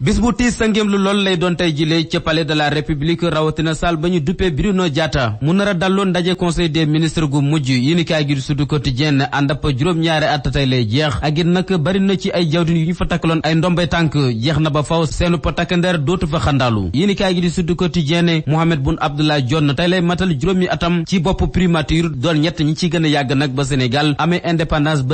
bis bu tiis sa ngéem lu loolu lay doon tey jile ca palais de rawatina saal ba ñu duppee Bruno Diatta mu nar a dalloon ndaje conseil des ministres gu mujj yéenekaay gi Sud Quotidien ànd ab juróom-ñaari at tey lay jeex ak it na ci ay jawdin yu ñu fa takkaloon ay ndombay tànk jeex na ba faw seenu pa takkandeer dootu fa xandaalu yéenekaay gi di Sud Quotidien Mohamed Boun Abdallah Dionne tey lay matal juróomi atam ci bopp primature doon ba Sénégal amee indépendance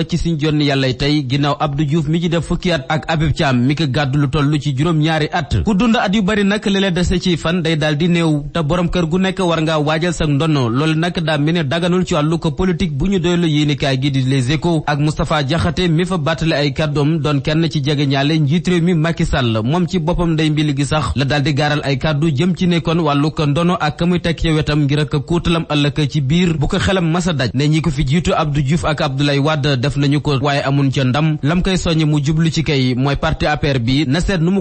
juróom-ñaari at ku dund at yu bari nag li la dese ci fan day daal di néew te borom kër gu nekk war ngaa waajal sa ndono loolu nag daa mel ne daganul ci wàllu ko politique bu ñu doylu yéenikaay gi di Les Échos ak Moustapha Diakhaté mi fa bàttale ay kàddoom doon kenn ci jege ñaale njiit réew mi Macky Sall moom ci boppam nday mbili gi sax la daal di gaaral ay kàddu jëm ci nekkoon wàllu ko ndono ak ka muy teg ci wetam ko ak kuutalam ëllëg ci biir bu ko xelam masa daj ne ñi ko fi jiitu Abdou Diouf ak Abdoulaye Wade def nañu ko waaye amun ca ndam lam koy soññ mu jublu ci kay mooy parti APR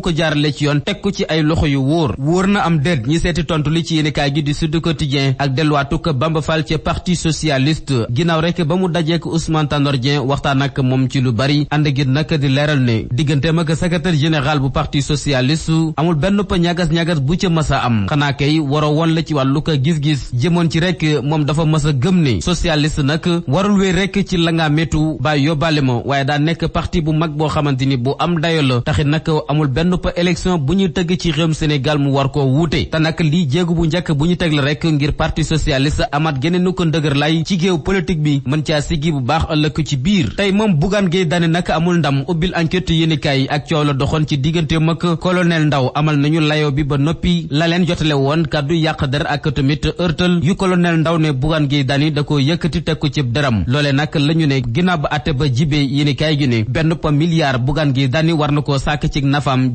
ko jaarale ci yoon teg ko ci ay loxo yu wóor wóor na am déet ñi seeti tontu li ci yéenekaay gi di Sud Quotidien ak delluwaatu ko Bamba ca parti socialiste ginnaaw rek ba mu dajeek Ousmane Tanor Dieng waxtaan ak moom ci lu bari ànd gi nag di leeral ne digganteem ak secrétaire général bu parti socialiste amul benn pa ñagas-ñagas bu ca masa am xanaa kay waro woon la ci wàllu ko gis-gis jëmoon ci rek moom dafa masa gëm ma waaye daa nekk parti bu mag boo xamante ni bu benn pa élection bu ñu tëgg ci réewum Sénégal mu war koo wuute te nag lii jéegu bu njëkk bu ñu teg la rek ngir parti socialiste amaat geneen nu ko ndëgër lay ci géew politique bi mën caa siggi bu baax ëllëg ci biir tey moom Bougane Gueye Dany nag amul ndam ubbil enquête yéenekaay ak coow la doxoon ci digganteem ak colonel Ndaw amal nañu layo bi ba noppi la leen jotale woon kàddu yàq der ak tamit ërtal yu colonel Ndaw ne Bougane Gueye Dany da ko yëkkati teg ko ci deram loole nag la ñu ne ginnaaw ba àtte ba jibee yéenekaay gi ne benn pa milliard Bougane Gueye Dany war na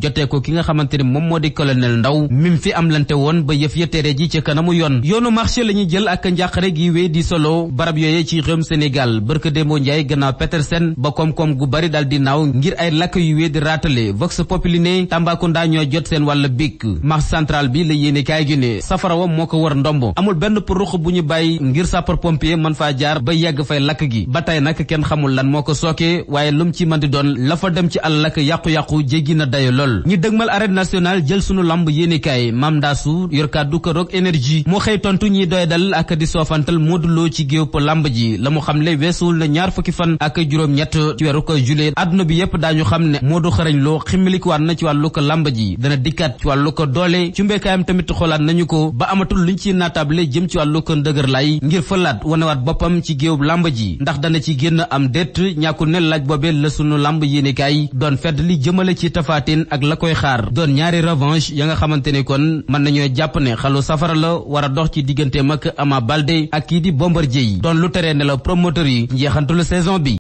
jotee ko ki nga xamante ne moom moo di colonel Ndaw mim fi am lante woon ba yëf ya tere ji ca mu yoon yoonu marché la ñuy jël ak njàqare gi wéy di solo barab yooyee ci réewum Sénégal bërk démboo Njaay gannaaw Petersen ba koom-koom gu bari dal di naaw ngir ay lakk yu wéy di raatale Vox Populi ne Tambacounda ñoo jot seen wàll bik marché central bi la yéene kaay gi ne safara wa moo ko war ndombo amul benn puruq bu ñu bàyyi ngir sapeur pompier mën faa jaar ba yegg fay lakk gi ba tey nag kenn xamul lan moo ko sooke waaye lum ci mën di doon la fa dem ci àll lakk yàqu-yàqu jéggi na lool lool ñi dëgmal arène nationale jël sunu lamb yéenekaay Mame Ndassou yor kàddu kër ak énergie moo xëy tontu ñi doy dal ak di soofantal Modou Lo ci géewub lamb ji la mu xam le weesuwul na ñaar fukki fan ak juróom-ñett ci weeru ko juillet àdduna bi yépp daañu xam ne Modou xarañ Lo ximilikuwaat na ci wàllu ko lamb ji dana dikkaat ci wàllu ko doole ci mbéykaayam tamit xoolaat nañu ko ba amatul luñ ci naatable jëm ci wàllu ko ndëgër lay ngir fëlaat wanewaat boppam ci géewub lamb ji ndax dana ci génn am déet ñàkkul ne laaj boobee la sunu lamb yéenekaay la koy xaar doon ñaari revanche ya nga xamante ni kon mën nañoo jàpp ne xalu safara la war a dox ci diggante mag Ama Baldé ak kii di Bombardier yi doon lu tere ne la promoteur yi njeexantu la saison bi